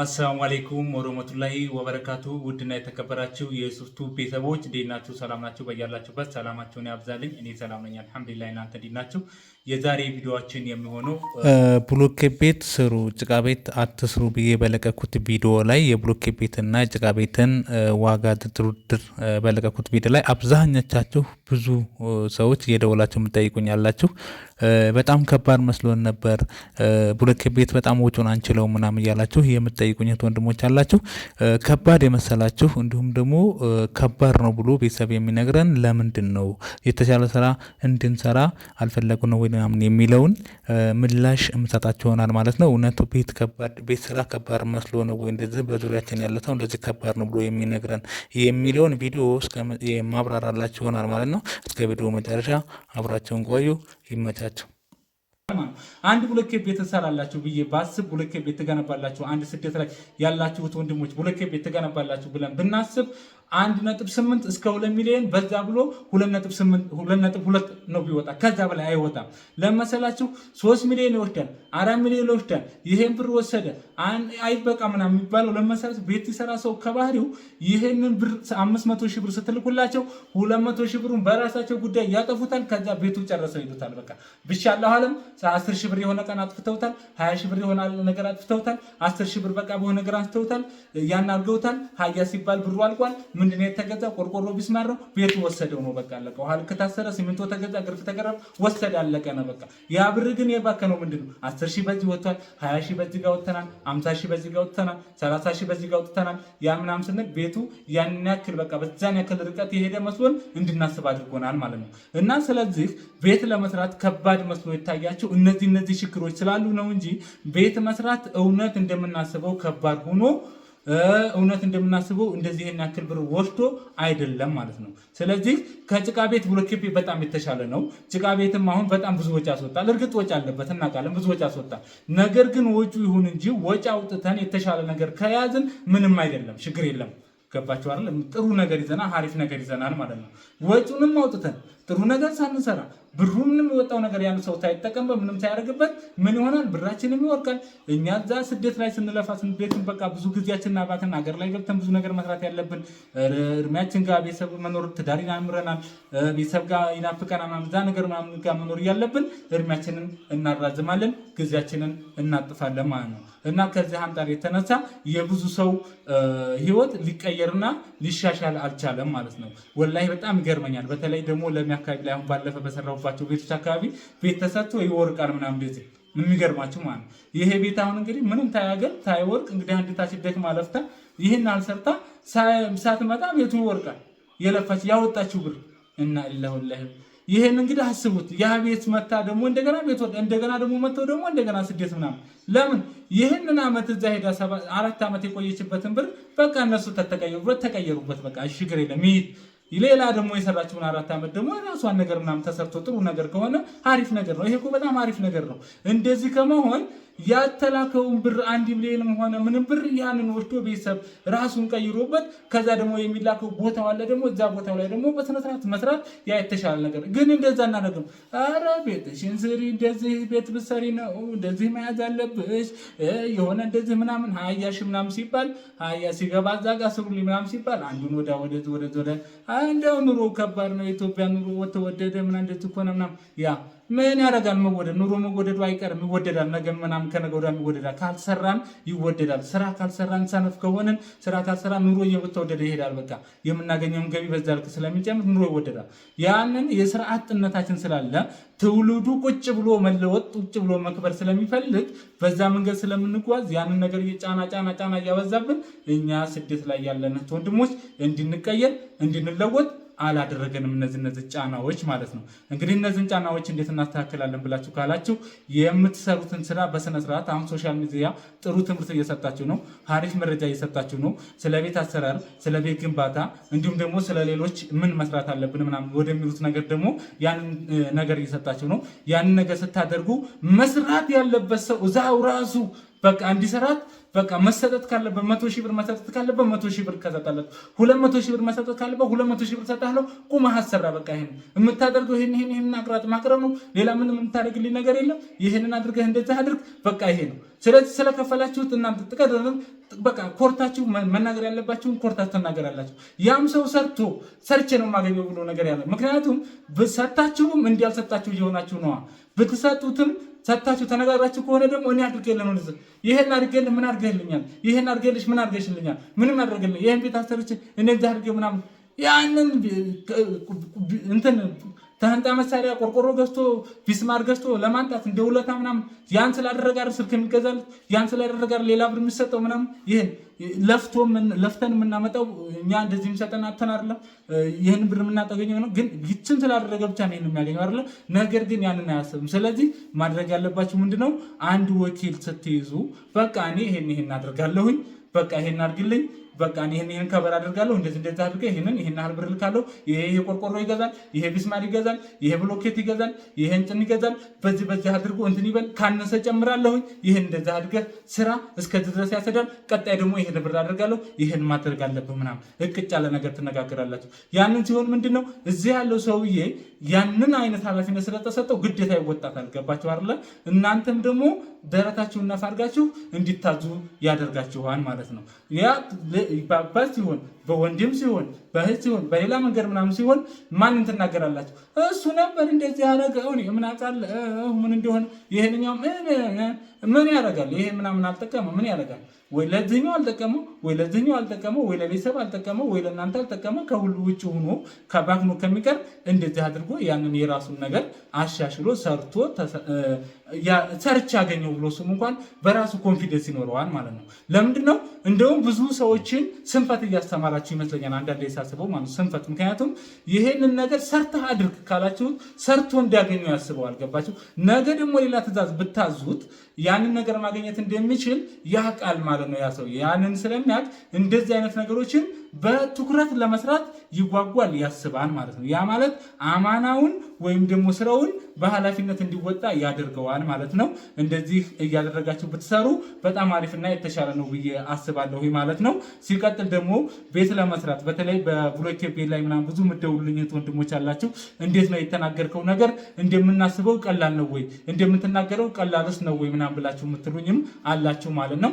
አሰላሙ አሌይኩም ወረመቱላሂ ወበረካቱ። ውድና የተከበራችሁ የሱፍቱ ቤተሰቦች እንዴት ናችሁ? ሰላም ናችሁ? በያላችሁበት ሰላማችሁን ያብዛልኝ። እኔ ሰላም ነኝ፣ አልሐምዱሊላህ። እናንተ እንዴት ናችሁ? የዛሬ ቪዲዮችን የሚሆነው ብሎኬት ቤት ስሩ ጭቃ ቤት አትስሩ ብዬ በለቀኩት ቪዲዮ ላይ የብሎኬ ቤትና ጭቃ ቤትን ዋጋ ድርድር በለቀኩት ቪዲዮ ላይ አብዛኞቻችሁ ብዙ ሰዎች እየደወላችሁ የምጠይቁኝ ያላችሁ በጣም ከባድ መስሎን ነበር፣ ብሎኬት ቤት በጣም ወጪውን አንችለው ምናምን እያላችሁ የምጠይቁኝት ወንድሞች አላችሁ። ከባድ የመሰላችሁ እንዲሁም ደግሞ ከባድ ነው ብሎ ቤተሰብ የሚነግረን ለምንድን ነው የተሻለ ስራ እንድንሰራ አልፈለጉ ነው ወይ ምናምን የሚለውን ምላሽ የምሰጣቸው ይሆናል ማለት ነው። እውነቱ ቤት ከባድ ቤት ስራ ከባድ መስሎ ነው ወይ እንደዚህ በዙሪያችን ያለ ሰው እንደዚህ ከባድ ነው ብሎ የሚነግረን የሚለውን ቪዲዮ የማብራራላቸው ይሆናል ማለት ነው። እስከ ቪዲዮ መጨረሻ አብራቸውን ቆዩ። ይመቻቸው። አንድ ብሎኬ ቤት ትሰራላችሁ ብዬ ባስብ ብሎኬ ቤት ትገነባላችሁ። አንድ ስደት ላይ ያላችሁት ወንድሞች ቡለኬ ቤት ትገነባላችሁ ብለን ብናስብ አንድ ነጥብ ስምንት እስከ ሁለት ሚሊዮን በዛ ብሎ ሁለት ነጥብ ሁለት ነው ቢወጣ ከዛ በላይ አይወጣም። ለመሰላችሁ ሶስት ሚሊዮን ይወስዳል፣ አራት ሚሊዮን ይወስዳል። ይሄን ብር ወሰደ አይበቃ ምናምን የሚባለው ለመሰላችሁ ቤት ይሰራ ሰው ከባህሪው ይሄንን ብር አምስት መቶ ሺህ ብር ስትልኩላቸው ሁለት መቶ ሺህ ብሩን በራሳቸው ጉዳይ ያጠፉታል። ከዛ ቤቱ ጨረሰው ይሉታል። በቃ ብቻ አለም አስር ሺህ ብር የሆነ ቀን አጥፍተውታል። ሀያ ሺህ ብር የሆነ ነገር አጥፍተውታል። አስር ሺህ ብር በቃ በሆነ ነገር አጥፍተውታል። ያን አድርገውታል። ሀያ ሲባል ብሩ አልቋል። ምንድን ነው የተገዛ ቆርቆሮ ቢስማረው ቤቱ ወሰደው ነው በቃ አለቀ። ውሃ ልክ ታሰረ፣ ሲሚንቶ ተገዛ፣ ግርፍ ተገረፈ፣ ወሰደ አለቀ ነው በቃ። ያ ብር ግን የባከነው ምንድን ነው? አስር ሺህ በዚህ ወጥቷል፣ ሀያ ሺህ በዚህ ጋር ወጥተናል፣ አምሳ ሺህ በዚህ ጋር ወጥተናል፣ ሰላሳ ሺህ በዚህ ጋር ወጥተናል። ያ ምናምን ስንል ቤቱ ያን ያክል በቃ በዛን ያክል ርቀት የሄደ መስሎን እንድናስብ አድርጎናል ማለት ነው። እና ስለዚህ ቤት ለመስራት ከባድ መስሎ የታያቸው እነዚህ እነዚህ ችግሮች ስላሉ ነው እንጂ ቤት መስራት እውነት እንደምናስበው ከባድ ሆኖ እውነት እንደምናስበው እንደዚህ ይህን ያክል ብር ወስዶ አይደለም ማለት ነው። ስለዚህ ከጭቃ ቤት ብሎኬት ቤት በጣም የተሻለ ነው። ጭቃ ቤትም አሁን በጣም ብዙ ወጪ አስወጣል። እርግጥ ወጪ አለበት እናውቃለን፣ ብዙ ወጪ አስወጣል። ነገር ግን ወጪ ይሁን እንጂ ወጪ አውጥተን የተሻለ ነገር ከያዝን ምንም አይደለም፣ ችግር የለም። ገባችሁ አይደል? ጥሩ ነገር ይዘናል፣ ሀሪፍ ነገር ይዘናል ማለት ነው። ወጪውንም አውጥተን ጥሩ ነገር ሳንሰራ ብሩ ምንም የወጣው ነገር ያን ሰው ሳይጠቀምበት ምንም ሳያደርግበት ምን ይሆናል? ብራችንም ይወርቃል። እኛ እዛ ስደት ላይ ስንለፋ ቤትን በቃ ብዙ ጊዜያችንን አባትን ሀገር ላይ ገብተን ብዙ ነገር መስራት ያለብን እድሜያችን ጋር ቤተሰብ መኖር ትዳር ይናምረናል፣ ቤተሰብ ጋር ይናፍቀናል። እዛ ነገር ምናምን ጋር መኖር እያለብን እድሜያችንን እናራዝማለን፣ ጊዜያችንን እናጥፋለን ማለት ነው እና ከዚህ አንጻር የተነሳ የብዙ ሰው ህይወት ሊቀየርና ሊሻሻል አልቻለም ማለት ነው። ወላሂ በጣም ይገርመኛል። በተለይ ደግሞ ለሚ ላይ አሁን ባለፈ በሰራው የሚኖሩባቸው ቤቶች አካባቢ ቤት ተሰጥቶ ይወርቃል ምናምን ቤት የሚገርማችሁ ማለት ነው። ይሄ ቤት አሁን እንግዲህ ምንም ታያገል ታይወርቅ እንግዲህ አንድ ታች ታሲደክ ማለፍታ ይህን አልሰርታ ሳትመጣ ቤቱ ይወርቃል። የለፋች ያወጣችሁ ብር እና ለሁላህም ይህን እንግዲህ አስቡት። ያ ቤት መታ ደግሞ እንደገና ቤት ወደ እንደገና ደግሞ መተው ደግሞ እንደገና ስደት ምናምን ለምን ይህንን ዓመት እዛ ሄዳ አራት ዓመት የቆየችበትን ብር በቃ እነሱ ተተቀየሩበት ተቀየሩበት በቃ ችግር የለም ይሄድ ሌላ ደግሞ የሰራችውን አራት ዓመት ደግሞ የራሷን ነገር ምናምን ተሰርቶ ጥሩ ነገር ከሆነ አሪፍ ነገር ነው። ይሄ እኮ በጣም አሪፍ ነገር ነው። እንደዚህ ከመሆን ያተላከውን ብር አንድ ሚሊዮንም ሆነ ምንም ብር ያንን ወስዶ ቤተሰብ ራሱን ቀይሮበት ከዛ ደግሞ የሚላከው ቦታው አለ ደግሞ እዛ ቦታው ላይ ደግሞ በስነስርዓት መስራት ያ የተሻለ ነገር ግን እንደዛ እናደርግም። አረ ቤትሽን ስሪ፣ እንደዚህ ቤት ብትሰሪ ነው እንደዚህ መያዝ አለብሽ የሆነ እንደዚህ ምናምን ሀያሽ ምናምን ሲባል ሀያ ሲገባ እዛ ጋር ስሩልኝ ምናምን ሲባል አንዱን ወደ ወደ ወደ እንደው ኑሮ ከባድ ነው። የኢትዮጵያ ኑሮ ወተወደደ ምናምን እንደት እኮ ነው ምናምን ያ ምን ያደርጋል? መወደድ ኑሮ መወደዱ አይቀርም፣ ይወደዳል። ነገ ምናምን ከነገ ወዲያ ይወደዳል። ካልሰራን ይወደዳል። ስራ ካልሰራን ሰነፍ ከሆንን ስራ ካልሰራን ኑሮ እየተወደደ ይሄዳል። በቃ የምናገኘውን ገቢ በዛ ልክ ስለሚጨምር ኑሮ ይወደዳል። ያንን የስራ አጥነታችን ስላለ ትውልዱ ቁጭ ብሎ መለወጥ ቁጭ ብሎ መክበር ስለሚፈልግ በዛ መንገድ ስለምንጓዝ ያንን ነገር ጫና ጫና ጫና እያበዛብን እኛ ስደት ላይ ያለን ወንድሞች እንድንቀየር እንድንለወጥ አላደረገንም። እነዚህ እነዚህ ጫናዎች ማለት ነው። እንግዲህ እነዚህን ጫናዎች እንዴት እናስተካክላለን ብላችሁ ካላችሁ የምትሰሩትን ስራ በስነስርዓት አሁን ሶሻል ሚዲያ ጥሩ ትምህርት እየሰጣችሁ ነው። ሀሪፍ መረጃ እየሰጣችሁ ነው። ስለ ቤት አሰራር፣ ስለ ቤት ግንባታ እንዲሁም ደግሞ ስለ ሌሎች ምን መስራት አለብን ምናምን ወደሚሉት ነገር ደግሞ ያንን ነገር እየሰጣችሁ ነው። ያንን ነገር ስታደርጉ መስራት ያለበት ሰው እዛው ራሱ በቃ እንዲሰራት በቃ መሰጠት ካለበት መቶ ሺህ ብር መሰጠት ካለበት መቶ ሺህ ብር ከሰጣለት ሁለት መቶ ሺህ ብር መሰጠት ካለበት ሁለት መቶ ሺህ ብር ሰጣለሁ። ቁመህ አሰራ። በቃ ይሄን የምታደርገው ይሄን ይሄን ይሄን አቅራጥ ማቅረብ ነው። ሌላ ምንም የምታደርግልኝ ነገር የለም። ይሄንን አድርገህ እንደዚህ አድርግ። በቃ ይሄ ነው። ስለዚህ ስለከፈላችሁት እናንተ ጥቀደን በቃ ኮርታችሁ መናገር ያለባችሁን ኮርታችሁ ትናገራላችሁ። ያም ሰው ሰርቶ ሰርቼ ነው የማገኘው ብሎ ነገር ያለ ምክንያቱም ሰታችሁም እንዲያልሰጣችሁ እየሆናችሁ ነዋ ብትሰጡትም ሰታችሁ ተነጋግራችሁ ከሆነ ደግሞ እኔ አድርጌልህ ነው ይህን አድርጌልህ ምን አድርገህልኛል? ይህን አድርጌልሽ ምን አድርገሽልኛል? ምንም አድርገልኝ። ይህን ቤት አሰርቼ እንደዚህ አድርጌ ምናምን ያንን እንትን ከህንፃ መሳሪያ ቆርቆሮ ገዝቶ ቢስማር ገዝቶ ለማንጣት እንደ ውለታ ምናምን ያን ስላደረጋር ስልክ የሚገዛል ያን ስላደረጋር ሌላ ብር የሚሰጠው ምናምን ይህን ለፍቶ ለፍተን የምናመጣው እኛ እንደዚህ የሚሰጠን አተን አለ ይህን ብር የምናጠገኘው ነው ግን ይችን ስላደረገ ብቻ ነው የሚያገኘው አይደለ ነገር ግን ያንን አያስብም ስለዚህ ማድረግ ያለባቸው ምንድነው አንድ ወኪል ስትይዙ በቃ እኔ ይሄን ይሄን አደርጋለሁኝ በቃ ይሄን አድርግልኝ በቃ ይህን ይህን ከበር አድርጋለሁ እንደዚህ እንደዚህ አድርገ ይህንን ይህን ያህል ብር ልካለሁ፣ ይሄ ይሄ ቆርቆሮ ይገዛል፣ ይሄ ቢስማር ይገዛል፣ ይሄ ብሎኬት ይገዛል፣ ይሄ እንጭን ይገዛል፣ በዚህ በዚህ አድርጎ እንትን ይበል፣ ካነሰ ጨምራለሁኝ፣ ይህን እንደዚህ አድርገ ስራ እስከዚህ ድረስ ያሰዳል፣ ቀጣይ ደግሞ ይህን ብር አድርጋለሁ፣ ይህን ማድረግ አለብህ ምናምን እቅጭ ያለ ነገር ትነጋገራላችሁ። ያንን ሲሆን ምንድን ነው እዚህ ያለው ሰውዬ ያንን አይነት ኃላፊነት ስለተሰጠው ግዴታ ይወጣታል። ገባችሁ አይደለ? እናንተም ደግሞ ደረታችሁን ነፋ አድርጋችሁ እንዲታዙ ያደርጋችኋል ማለት ነው ያ il parle pas si Steven. በወንድም ሲሆን በእህት ሲሆን በሌላ መንገድ ምናምን ሲሆን ማንን ትናገራላችሁ? እሱ ነበር እንደዚህ ያደረገ ምን ምን እንደሆነ ይሄንኛው ምን ያደርጋል? ይሄ ምናምን አልጠቀመ ምን ያደርጋል? ወይ ለዚህኛው አልጠቀመ ወይ ለዚህኛው አልጠቀመ፣ ወይ ለቤተሰብ አልጠቀመው፣ ወይ ለእናንተ አልጠቀመ። ከሁሉ ውጭ ሆኖ ከባክኖ ከሚቀር እንደዚህ አድርጎ ያንን የራሱን ነገር አሻሽሎ ሰርቶ ሰርች ያገኘው ብሎ ስሙ እንኳን በራሱ ኮንፊደንስ ይኖረዋል ማለት ነው። ለምንድን ነው እንደውም ብዙ ሰዎችን ስንፈት እያስተማረ ካላችሁ ይመስለኛል አንዳንድ የሳስበው ማለት ስንፈት። ምክንያቱም ይሄንን ነገር ሰርተህ አድርግ ካላችሁት ሰርቶ እንዲያገኙ ያስበው አልገባችሁ። ነገ ደግሞ ሌላ ትእዛዝ ብታዙት ያንን ነገር ማግኘት እንደሚችል ያውቃል ማለት ነው ያ ሰው ያንን ስለሚያውቅ እንደዚህ አይነት ነገሮችን በትኩረት ለመስራት ይጓጓል፣ ያስባል ማለት ነው። ያ ማለት አማናውን ወይም ደግሞ ስራውን በኃላፊነት እንዲወጣ ያደርገዋል ማለት ነው። እንደዚህ እያደረጋችሁ ብትሰሩ በጣም አሪፍና የተሻለ ነው ብዬ አስባለሁ ማለት ነው። ሲቀጥል ደግሞ ቤት ለመስራት በተለይ በብሎኬ ቤት ላይ ምናምን ብዙ ምደውልኝት ወንድሞች አላችሁ። እንዴት ነው የተናገርከው ነገር እንደምናስበው ቀላል ነው ወይ እንደምትናገረው ቀላልስ ነው ወይ ምናምን ብላችሁ የምትሉኝም አላችሁ ማለት ነው።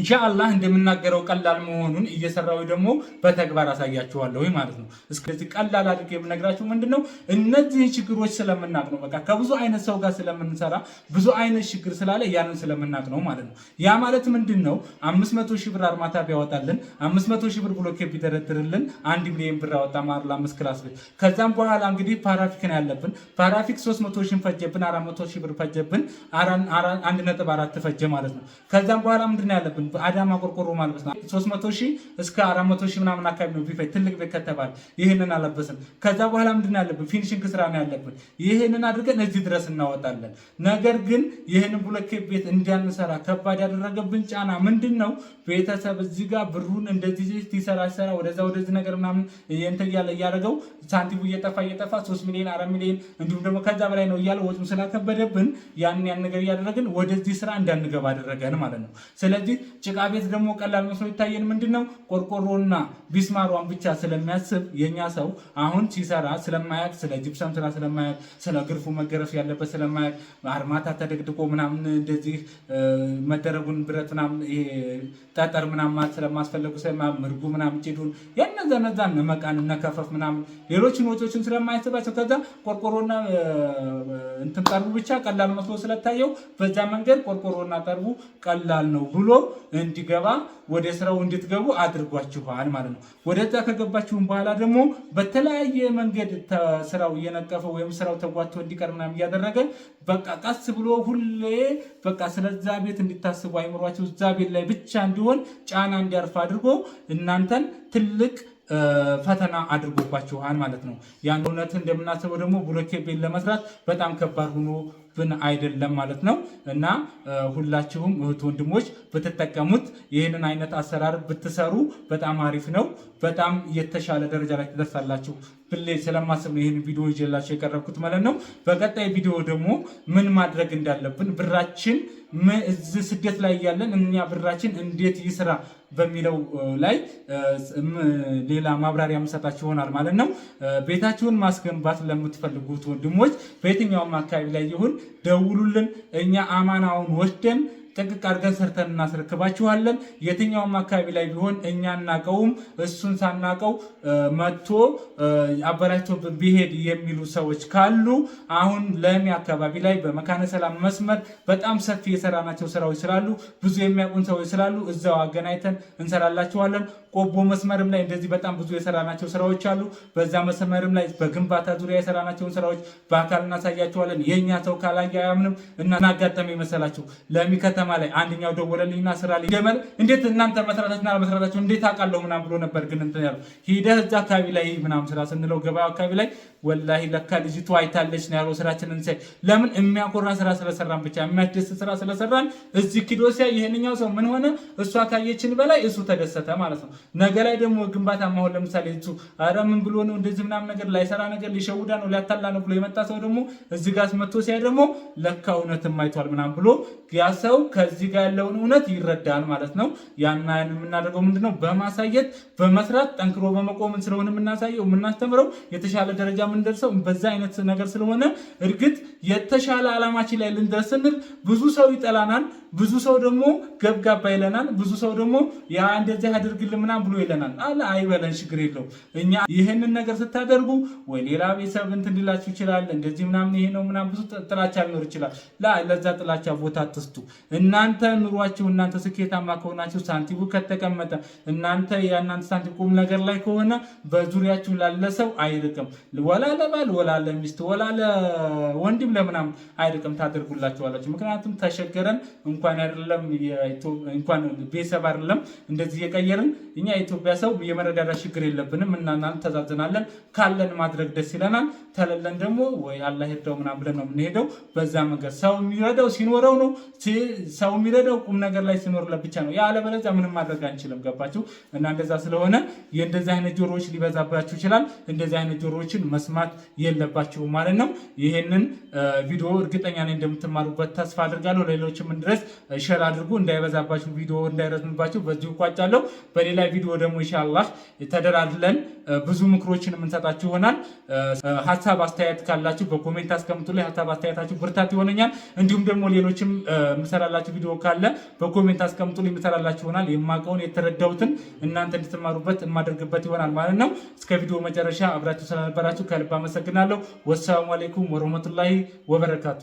ኢንሻአላህ እንደምናገረው ቀላል መሆኑን እየሰራው ደግሞ በተግባር አሳያችኋለሁ ማለት ነው። እስከዚህ ቀላል አድርገ የምነግራችሁ ምንድነው እነዚህን ችግሮች ስለምናቅ ነው። በቃ ከብዙ አይነት ሰው ጋር ስለምንሰራ ብዙ አይነት ችግር ስላለ ያንን ስለምናቅ ነው ማለት ነው። ያ ማለት ምንድን ነው 500 ሺህ ብር አርማታ ቢያወጣልን 500 ሺህ ብር ብሎኬ ቢደረድርልን አንድ ሚሊዮን ብር ያወጣ ማር ለአምስት ክላስ ቤት። ከዛም በኋላ እንግዲህ ፓራፊክን ያለብን ፓራፊክ 300 ሺህ ፈጀብን፣ 400 ሺህ ብር ፈጀብን፣ 1.4 ፈጀ ማለት ነው። ከዛም በኋላ ምንድነው ያለብን አዳማ ቆርቆሮ ማለት ነው። 300 ሺህ እስከ 400 ሺህ ምናምን አካባቢ ነው ቢፋይ ትልቅ ቤት ከተባለ ይህንን አለበስን። ከዛ በኋላ ምንድን ነው ያለብን ፊኒሽንግ ስራ ነው ያለብን። ይህንን አድርገን እዚህ ድረስ እናወጣለን። ነገር ግን ይህን ብሎኬት ቤት እንዳንሰራ ከባድ ያደረገብን ጫና ምንድን ነው? ቤተሰብ እዚህ ጋር ብሩን እንደዚህ ሲሰራ ሲሰራ ወደዛ ወደዚህ ነገር ምናምን እንትን እያለ እያደረገው ሳንቲሙ እየጠፋ እየጠፋ 3 ሚሊዮን 4 ሚሊዮን እንዲሁም ደግሞ ከዛ በላይ ነው እያለ ወጡም ስላከበደብን ያንን ያን ነገር እያደረግን ወደዚህ ስራ እንዳንገባ አደረገን ማለት ነው። ስለዚህ ጭቃ ቤት ደግሞ ቀላል መስሎ ይታየን ምንድን ነው ቆርቆሮና ቢስማሯን ብቻ ስለሚያስብ የኛ ሰው አሁን ሲሰራ ስለማያቅ ስለ ጅብሰም ስራ ስለማያቅ ስለ ግርፉ መገረፍ ያለበት ስለማያቅ አርማታ ተደግድቆ ምናምን እንደዚህ መደረጉን ብረት ምናምን ጠጠር ምናምን ስለማስፈለጉ ስለማ ምርጉ ምናምን ጭዱን የነዛ ነዛን መቃን ነከፈፍ ምናምን ሌሎችን ወጪዎችን ስለማያስባቸው ከዛ ቆርቆሮና እንትን ጠርቡ ብቻ ቀላል መስሎ ስለታየው በዛ መንገድ ቆርቆሮና ጠርቡ ቀላል ነው ብሎ እንዲገባ ወደ ስራው እንድትገቡ አድርጓችኋል ማለት ነው። ወደዛ ከገባችሁም በኋላ ደግሞ በተለያየ መንገድ ስራው እየነቀፈ ወይም ስራው ተጓቶ እንዲቀር ምናምን እያደረገ በቃ ቀስ ብሎ ሁሌ በቃ ስለዛ ቤት እንዲታስቡ አይምሯቸው እዛ ቤት ላይ ብቻ እንዲሆን ጫና እንዲያርፍ አድርጎ እናንተን ትልቅ ፈተና አድርጎባችኋል ማለት ነው። ያን እውነት እንደምናስበው ደግሞ ብሎኬ ቤት ለመስራት በጣም ከባድ ሆኖ ብን አይደለም ማለት ነው እና ሁላችሁም እህት ወንድሞች ብትጠቀሙት ይህንን አይነት አሰራር ብትሰሩ በጣም አሪፍ ነው። በጣም የተሻለ ደረጃ ላይ ትደርሳላችሁ ብሌ ስለማስብ ነው ይህን ቪዲዮ ይዤላችሁ የቀረብኩት ማለት ነው። በቀጣይ ቪዲዮ ደግሞ ምን ማድረግ እንዳለብን ብራችን እዚህ ስደት ላይ ያለን እኛ ብራችን እንዴት ይስራ በሚለው ላይ ሌላ ማብራሪያ የምሰጣችሁ ይሆናል ማለት ነው። ቤታችሁን ማስገንባት ለምትፈልጉት ወንድሞች በየትኛውም አካባቢ ላይ ይሁን ደውሉልን። እኛ አማናውን ወስደን ጥንቅቅ አድርገን ሰርተን እናስረክባችኋለን። የትኛውም አካባቢ ላይ ቢሆን እኛ እናቀውም እሱን ሳናቀው መጥቶ አበላሽቶብን ቢሄድ የሚሉ ሰዎች ካሉ አሁን ለሚ አካባቢ ላይ በመካነ ሰላም መስመር በጣም ሰፊ የሰራናቸው ስራዎች ስላሉ ብዙ የሚያውቁን ሰዎች ስላሉ እዛው አገናኝተን እንሰራላችኋለን። ቆቦ መስመርም ላይ እንደዚህ በጣም ብዙ የሰራናቸው ስራዎች አሉ። በዛ መስመርም ላይ በግንባታ ዙሪያ የሰራናቸውን ስራዎች በአካል እናሳያችኋለን። የእኛ ሰው ካላየ አያምንም። እናጋጠመ ይመሰላችሁ ለሚ ከተማ ከተማ ላይ አንደኛው ደወለልኝና ስራ ላይ እንዴት እናንተ መስራታችሁና አለመስራታችሁ እንዴት አውቃለሁ ምናምን ብሎ ነበር። ግን እንትን ያለው ሂደህ እዛ አካባቢ ላይ ምናምን ስራ ስንለው ገበያ አካባቢ ላይ ወላሂ ለካ ልጅቱ አይታለች ነው ያለው። ስራችንን ሳይ ለምን የሚያኮራ ስራ ስለሰራን ብቻ የሚያስደስት ስራ ስለሰራን እዚህ ኪዶሲያ ይሄንኛው ሰው ምን ሆነ እሷ ካየችን በላይ እሱ ተደሰተ ማለት ነው። ነገ ላይ ደግሞ ግንባታ ማሆን ለምሳሌ እሱ ኧረ ምን ብሎ ነው እንደዚህ ምናምን ነገር ላይሰራ ነገር ሊሸውዳ ነው ሊያታላ ነው ብሎ የመጣ ሰው ደግሞ እዚህ ጋር መጥቶ ሲያይ ደግሞ ለካ እውነትም አይቷል ምናምን ብሎ ያ ሰው ከዚህ ጋር ያለውን እውነት ይረዳል ማለት ነው። ያን የምናደርገው ምንድነው? በማሳየት በመስራት ጠንክሮ በመቆምን ስለሆነ የምናሳየው የምናስተምረው የተሻለ ደረጃ የምንደርሰው በዛ አይነት ነገር ስለሆነ እርግጥ የተሻለ ዓላማችን ላይ ልንደርስ ስንል ብዙ ሰው ይጠላናል፣ ብዙ ሰው ደግሞ ገብጋባ ይለናል፣ ብዙ ሰው ደግሞ ያ እንደዚህ አድርግል ምናምን ብሎ ይለናል። አለ አይበለን፣ ችግር የለው እኛ ይህንን ነገር ስታደርጉ ወይ ሌላ ቤተሰብ እንትን ሊላችሁ ይችላል፣ እንደዚህ ምናምን ይሄ ነው ምናምን ብዙ ጥላቻ ሊኖር ይችላል። ለዛ ጥላቻ ቦታ አትስጡ። እናንተ ኑሯችሁ እናንተ ስኬታማ ከሆናችሁ ሳንቲሙ ከተቀመጠ እናንተ የእናንተ ሳንቲም ቁም ነገር ላይ ከሆነ በዙሪያችሁ ላለ ሰው አይርቅም። ወላ ለባል ወላ ለሚስት ወላ ለወንድም ለምናምን አይርቅም ታደርጉላችኋላችሁ። ምክንያቱም ተሸገረን እንኳን አይደለም እንኳን ቤተሰብ አይደለም እንደዚህ የቀየርን እኛ የኢትዮጵያ ሰው የመረዳዳ ችግር የለብንም። እናናን ተዛዝናለን ካለን ማድረግ ደስ ይለናል። ተለለን ደግሞ ወይ አላህ ይርዳው ምናምን ብለን ነው የምንሄደው። በዛ መንገድ ሰው የሚረዳው ሲኖረው ነው ሰው የሚረዳው ቁም ነገር ላይ ሲኖር ለብቻ ነው። ያ አለበለዚያ ምንም ማድረግ አንችልም። ገባችሁ? እና እንደዛ ስለሆነ የእንደዚህ አይነት ጆሮዎች ሊበዛባችሁ ይችላል። እንደዚህ አይነት ጆሮዎችን መስማት የለባችሁ ማለት ነው። ይህንን ቪዲዮ እርግጠኛ ነኝ እንደምትማሩበት ተስፋ አድርጋለሁ። ሌሎችም እንድረስ ሸር አድርጉ። እንዳይበዛባችሁ ቪዲዮ እንዳይረዝምባችሁ በዚሁ ቋጫለሁ። በሌላ ቪዲዮ ደግሞ ኢንሻላህ ተደራድለን ብዙ ምክሮችን የምንሰጣችሁ ይሆናል። ሀሳብ አስተያየት ካላችሁ በኮሜንት አስቀምጡ ላይ ሀሳብ አስተያየታችሁ ብርታት ይሆነኛል። እንዲሁም ደግሞ ሌሎችም ምሰራላችሁ ያልተማራችሁ ቪዲዮ ካለ በኮሜንት አስቀምጡ። የምሰራላችሁ ይሆናል። የማውቀውን የተረዳሁትን እናንተ እንድትማሩበት የማደርግበት ይሆናል ማለት ነው። እስከ ቪዲዮ መጨረሻ አብራችሁ ስለነበራችሁ ከልብ አመሰግናለሁ። ወሰላሙ አሌይኩም ወረህመቱላሂ ወበረካቱ